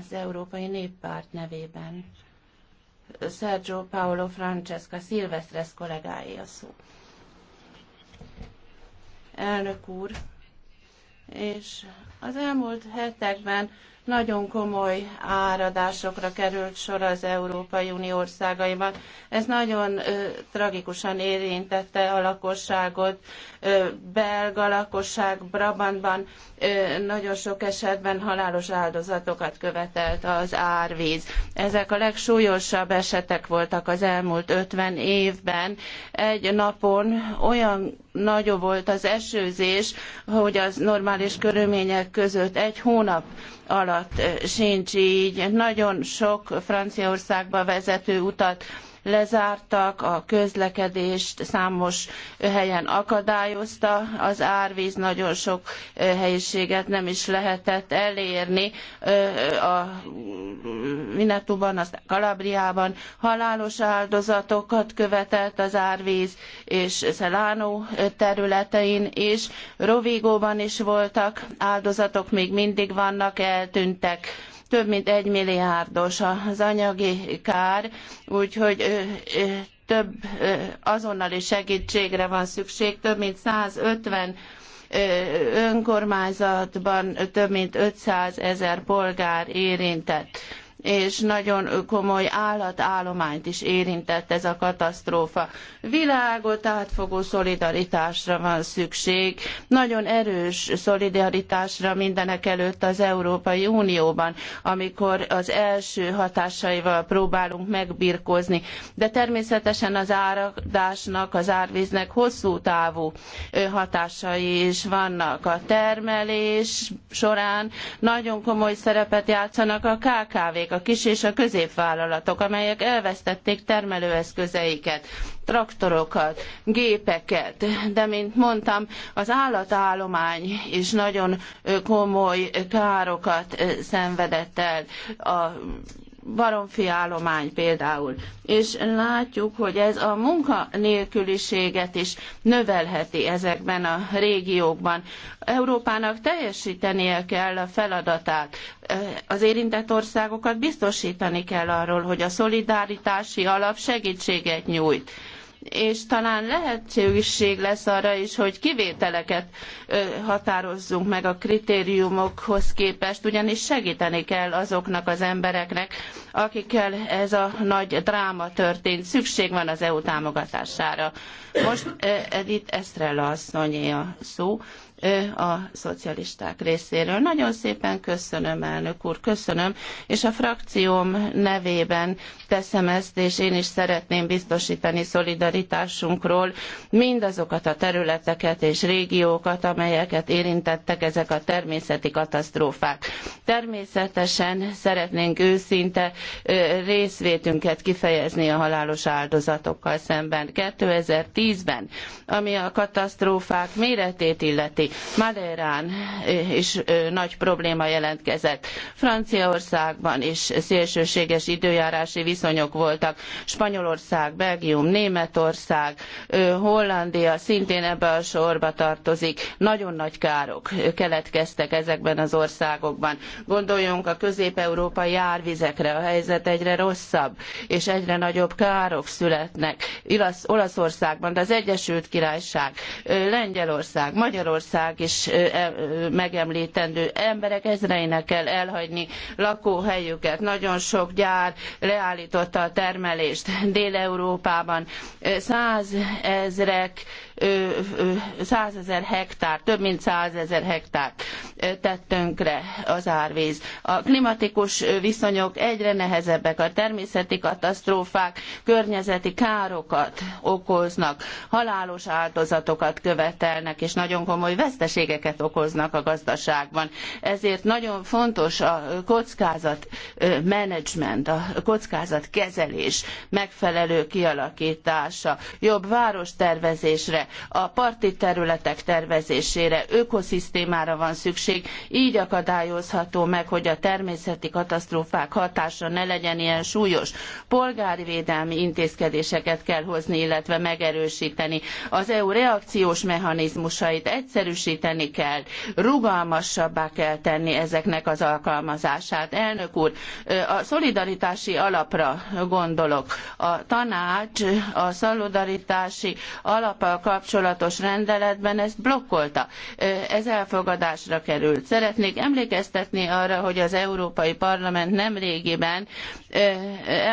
az Európai Néppárt nevében. Sergio Paolo Francesca Silvestres kollégáé a szó. Elnök úr, és az elmúlt hetekben nagyon komoly áradásokra került sor az Európai Unió országaiban. Ez nagyon ö, tragikusan érintette a lakosságot. Ö, belga lakosság Brabantban ö, nagyon sok esetben halálos áldozatokat követelt az árvíz. Ezek a legsúlyosabb esetek voltak az elmúlt 50 évben. Egy napon olyan nagyobb volt az esőzés, hogy az normális körülmények között egy hónap alatt utat eh, sincs gy Nagyon sok Franciaországba vezető utat lezártak, a közlekedést számos helyen akadályozta, az árvíz nagyon sok helyiséget nem is lehetett elérni. A Minetúban, aztán Kalabriában halálos áldozatokat követett az árvíz, és Szelánó területein is. Rovigóban is voltak áldozatok, még mindig vannak, eltűntek több mint egy milliárdos az anyagi kár, úgyhogy több azonnali segítségre van szükség, több mint 150 önkormányzatban több mint 500 ezer polgár érintett és nagyon komoly állatállományt is érintett ez a katasztrófa. Világot átfogó szolidaritásra van szükség, nagyon erős szolidaritásra mindenekelőtt az Európai Unióban, amikor az első hatásaival próbálunk megbirkózni. De természetesen az áradásnak, az árvíznek hosszú távú hatásai is vannak. A termelés során nagyon komoly szerepet játszanak a KKV-k, a kis és a középvállalatok, amelyek elvesztették termelőeszközeiket, traktorokat, gépeket, de mint mondtam, az állatállomány is nagyon komoly károkat szenvedett el a baromfi állomány például. És látjuk, hogy ez a munkanélküliséget is növelheti ezekben a régiókban. Európának teljesítenie kell a feladatát. Az érintett országokat biztosítani kell arról, hogy a szolidaritási alap segítséget nyújt és talán lehetőség lesz arra is, hogy kivételeket határozzunk meg a kritériumokhoz képest, ugyanis segíteni kell azoknak az embereknek, akikkel ez a nagy dráma történt. Szükség van az EU támogatására. Most Edith Estrella asszonyé a szó a szocialisták részéről. Nagyon szépen köszönöm, elnök úr, köszönöm, és a frakcióm nevében teszem ezt, és én is szeretném biztosítani szolidaritásunkról mindazokat a területeket és régiókat, amelyeket érintettek ezek a természeti katasztrófák. Természetesen szeretnénk őszinte részvétünket kifejezni a halálos áldozatokkal szemben. 2010-ben, ami a katasztrófák méretét illeti, Madeirán is nagy probléma jelentkezett. Franciaországban is szélsőséges időjárási viszonyok voltak. Spanyolország, Belgium, Németország, Hollandia szintén ebbe a sorba tartozik. Nagyon nagy károk keletkeztek ezekben az országokban. Gondoljunk a közép-európai árvizekre, a helyzet egyre rosszabb, és egyre nagyobb károk születnek. Olaszországban, de az Egyesült Királyság, Lengyelország, Magyarország, ország és e, megemlítendő. Emberek ezreinek kell elhagyni lakóhelyüket. Nagyon sok gyár leállította a termelést Dél-Európában. Százezrek, százezer hektár, több mint százezer hektár tett tönkre az árvíz. A klimatikus viszonyok egyre nehezebbek, a természeti katasztrófák környezeti károkat okoznak, halálos áldozatokat követelnek, és nagyon komoly veszteségeket okoznak a gazdaságban. Ezért nagyon fontos a kockázat menedzsment, a kockázat kezelés megfelelő kialakítása, jobb várostervezésre, a parti területek tervezésére, ökoszisztémára van szükség, így akadályozható meg, hogy a természeti katasztrófák hatása ne legyen ilyen súlyos. Polgári védelmi intézkedéseket kell hozni, illetve megerősíteni. Az EU reakciós mechanizmusait egyszerű erősíteni kell, rugalmasabbá kell tenni ezeknek az alkalmazását. Elnök úr, a szolidaritási alapra gondolok. A tanács a szolidaritási alappal kapcsolatos rendeletben ezt blokkolta. Ez elfogadásra került. Szeretnék emlékeztetni arra, hogy az Európai Parlament nemrégiben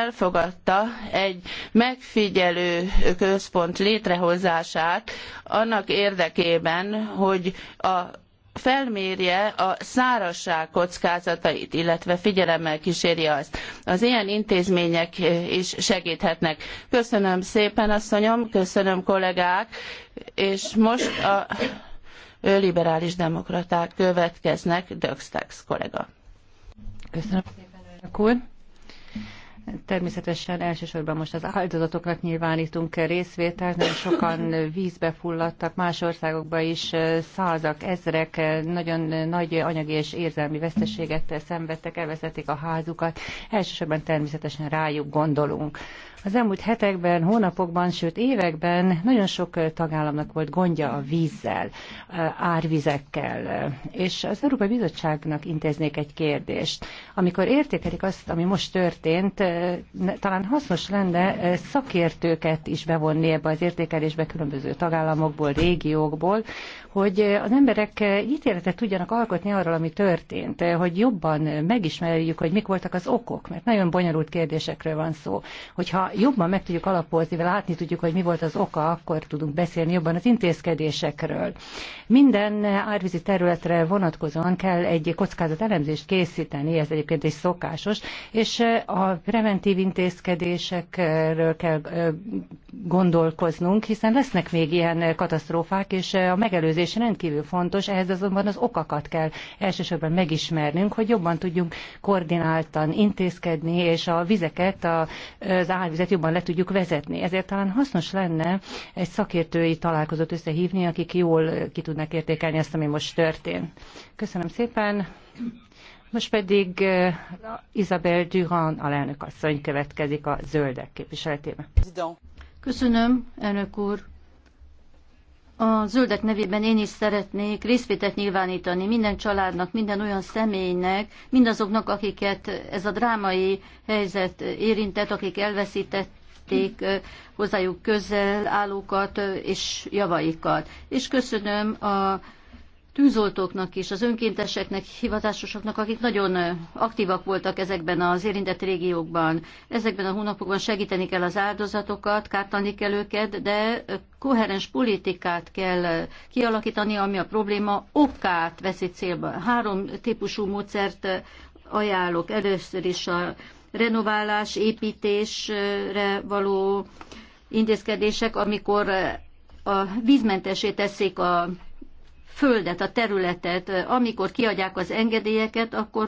elfogadta egy megfigyelő központ létrehozását annak érdekében, hogy hogy a felmérje a szárazság kockázatait, illetve figyelemmel kíséri azt. Az ilyen intézmények is segíthetnek. Köszönöm szépen, asszonyom, köszönöm kollégák, és most a liberális demokraták következnek, Döxtex kollega. Köszönöm szépen, elnök úr. Természetesen elsősorban most az áldozatoknak nyilvánítunk részvételt, nagyon sokan vízbe fulladtak, más országokban is százak, ezrek nagyon nagy anyagi és érzelmi veszteséget szenvedtek, elveszették a házukat, elsősorban természetesen rájuk gondolunk. Az elmúlt hetekben, hónapokban, sőt években nagyon sok tagállamnak volt gondja a vízzel, árvizekkel, és az Európai Bizottságnak intéznék egy kérdést. Amikor értékelik azt, ami most történt, talán hasznos lenne szakértőket is bevonni ebbe az értékelésbe különböző tagállamokból, régiókból, hogy az emberek ítéletet tudjanak alkotni arról, ami történt, hogy jobban megismerjük, hogy mik voltak az okok, mert nagyon bonyolult kérdésekről van szó. Hogyha jobban meg tudjuk alapozni, vagy látni tudjuk, hogy mi volt az oka, akkor tudunk beszélni jobban az intézkedésekről. Minden árvízi területre vonatkozóan kell egy kockázat elemzést készíteni, ez egyébként is szokásos, és a preventív intézkedésekről kell gondolkoznunk, hiszen lesznek még ilyen katasztrófák, és a megelőzés rendkívül fontos, ehhez azonban az okakat kell elsősorban megismernünk, hogy jobban tudjunk koordináltan intézkedni, és a vizeket, az árvizet jobban le tudjuk vezetni. Ezért talán hasznos lenne egy szakértői találkozót összehívni, akik jól ki tudnak értékelni azt, ami most történt. Köszönöm szépen! Most pedig eh, Isabel Durand alelnök asszony következik a zöldek képviseletében. Köszönöm, elnök úr. A zöldek nevében én is szeretnék részvétet nyilvánítani minden családnak, minden olyan személynek, mindazoknak, akiket ez a drámai helyzet érintett, akik elveszítették eh, hozzájuk közel állókat eh, és javaikat. És köszönöm a tűzoltóknak is, az önkénteseknek, hivatásosoknak, akik nagyon aktívak voltak ezekben az érintett régiókban. Ezekben a hónapokban segíteni kell az áldozatokat, kártani kell őket, de koherens politikát kell kialakítani, ami a probléma okát veszi célba. Három típusú módszert ajánlok. Először is a renoválás, építésre való intézkedések, amikor a vízmentesé teszik a földet, a területet. Amikor kiadják az engedélyeket, akkor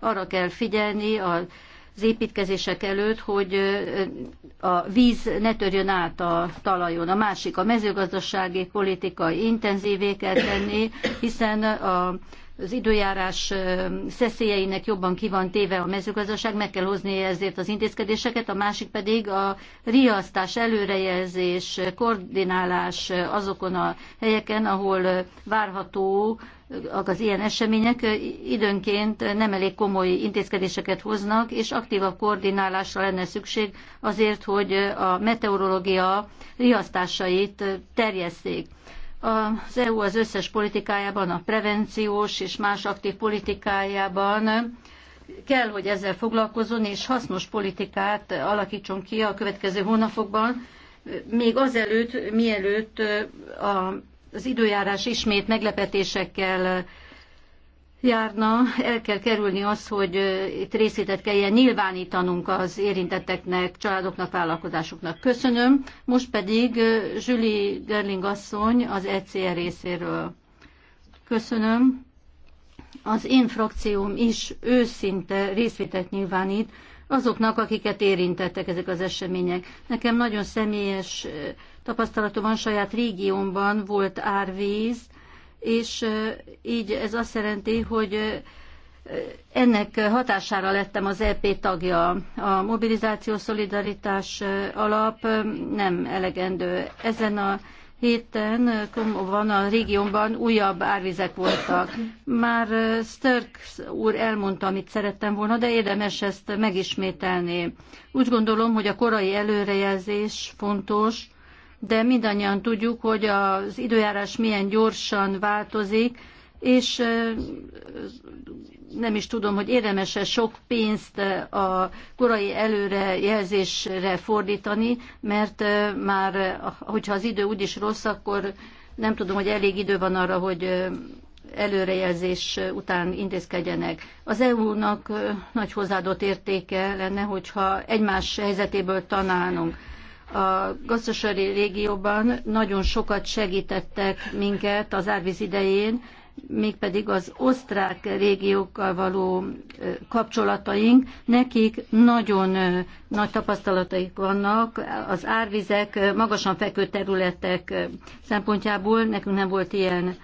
arra kell figyelni a az építkezések előtt, hogy a víz ne törjön át a talajon. A másik a mezőgazdasági politika intenzívé kell tenni, hiszen a az időjárás szeszélyeinek jobban ki van téve a mezőgazdaság, meg kell hozni ezért az intézkedéseket, a másik pedig a riasztás, előrejelzés, koordinálás azokon a helyeken, ahol várható az ilyen események időnként nem elég komoly intézkedéseket hoznak, és aktívabb koordinálásra lenne szükség azért, hogy a meteorológia riasztásait terjesszék. Az EU az összes politikájában, a prevenciós és más aktív politikájában kell, hogy ezzel foglalkozzon, és hasznos politikát alakítson ki a következő hónapokban, még azelőtt, mielőtt az időjárás ismét meglepetésekkel járna, el kell kerülni azt, hogy itt részletet kelljen nyilvánítanunk az érintetteknek, családoknak, vállalkozásoknak. Köszönöm. Most pedig Julie Gerling asszony az ECR e részéről. Köszönöm. Az én frakcióm is őszinte részvételt nyilvánít azoknak, akiket érintettek ezek az események. Nekem nagyon személyes tapasztalatom van, saját régiómban volt árvíz, és így ez azt jelenti, hogy ennek hatására lettem az EP tagja. A mobilizáció szolidaritás alap nem elegendő. Ezen a héten van a régiónban újabb árvizek voltak. Már Störk úr elmondta, amit szerettem volna, de érdemes ezt megismételni. Úgy gondolom, hogy a korai előrejelzés fontos, de mindannyian tudjuk, hogy az időjárás milyen gyorsan változik, és nem is tudom, hogy érdemese sok pénzt a korai előrejelzésre fordítani, mert már, hogyha az idő úgyis rossz, akkor nem tudom, hogy elég idő van arra, hogy előrejelzés után intézkedjenek. Az EU-nak nagy hozzáadott értéke lenne, hogyha egymás helyzetéből tanálnunk a gazdasági régióban nagyon sokat segítettek minket az árvíz idején, mégpedig az osztrák régiókkal való kapcsolataink. Nekik nagyon nagy tapasztalataik vannak az árvizek, magasan fekvő területek szempontjából, nekünk nem volt ilyen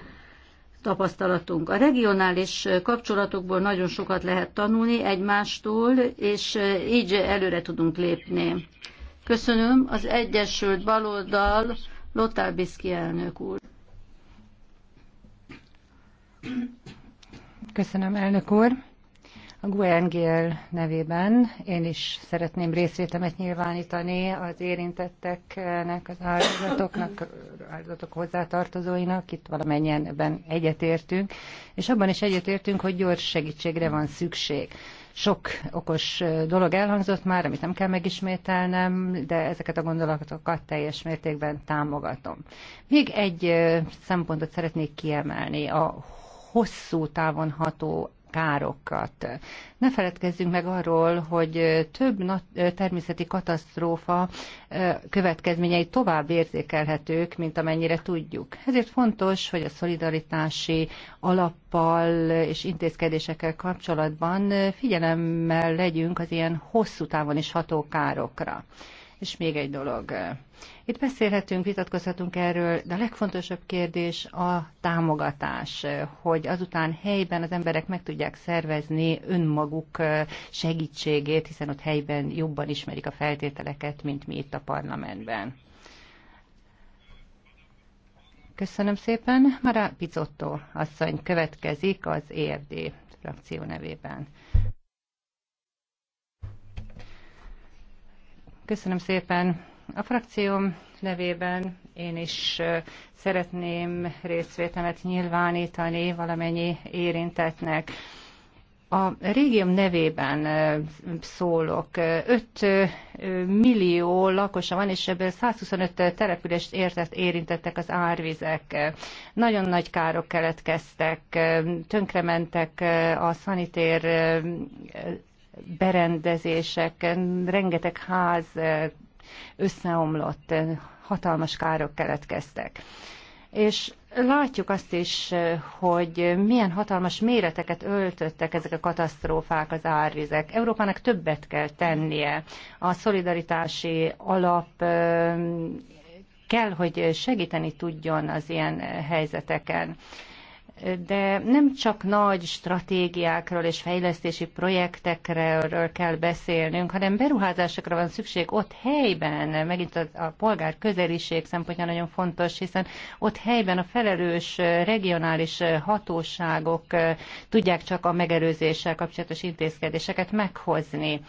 tapasztalatunk. A regionális kapcsolatokból nagyon sokat lehet tanulni egymástól, és így előre tudunk lépni. Köszönöm az Egyesült Baloldal Lothar Biszki elnök úr. Köszönöm, elnök úr. A GUNGL nevében én is szeretném részvétemet nyilvánítani az érintetteknek, az áldozatoknak, áldozatok hozzátartozóinak. Itt valamennyien ebben egyetértünk, és abban is egyetértünk, hogy gyors segítségre van szükség. Sok okos dolog elhangzott már, amit nem kell megismételnem, de ezeket a gondolatokat teljes mértékben támogatom. Még egy szempontot szeretnék kiemelni, a hosszú távon ható károkat. Ne feledkezzünk meg arról, hogy több természeti katasztrófa következményei tovább érzékelhetők, mint amennyire tudjuk. Ezért fontos, hogy a szolidaritási alappal és intézkedésekkel kapcsolatban figyelemmel legyünk az ilyen hosszú távon is ható károkra. És még egy dolog. Itt beszélhetünk, vitatkozhatunk erről, de a legfontosabb kérdés a támogatás, hogy azután helyben az emberek meg tudják szervezni önmaguk segítségét, hiszen ott helyben jobban ismerik a feltételeket, mint mi itt a parlamentben. Köszönöm szépen. Mara Picotto asszony következik az EFD frakció nevében. Köszönöm szépen. A frakcióm nevében én is szeretném részvétemet nyilvánítani valamennyi érintetnek. A régióm nevében szólok. 5 millió lakosa van, és ebből 125 települést értett, érintettek az árvizek. Nagyon nagy károk keletkeztek, tönkrementek a szanitér berendezések, rengeteg ház összeomlott, hatalmas károk keletkeztek. És látjuk azt is, hogy milyen hatalmas méreteket öltöttek ezek a katasztrófák, az árvizek. Európának többet kell tennie. A szolidaritási alap kell, hogy segíteni tudjon az ilyen helyzeteken de nem csak nagy stratégiákról és fejlesztési projektekről kell beszélnünk, hanem beruházásokra van szükség ott helyben, megint a, a polgár közeliség szempontja nagyon fontos, hiszen ott helyben a felelős regionális hatóságok eh, tudják csak a megelőzéssel kapcsolatos intézkedéseket meghozni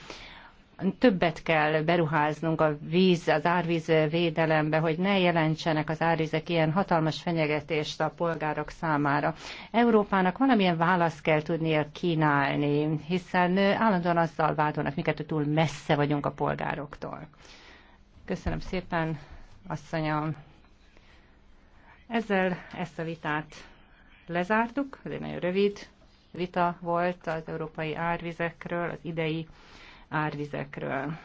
többet kell beruháznunk a víz, az árvíz védelembe, hogy ne jelentsenek az árvizek ilyen hatalmas fenyegetést a polgárok számára. Európának valamilyen választ kell tudnia kínálni, hiszen állandóan azzal vádolnak minket, hogy túl messze vagyunk a polgároktól. Köszönöm szépen, asszonyom. Ezzel ezt a vitát lezártuk, ez egy nagyon rövid vita volt az európai árvizekről, az idei árvizekről.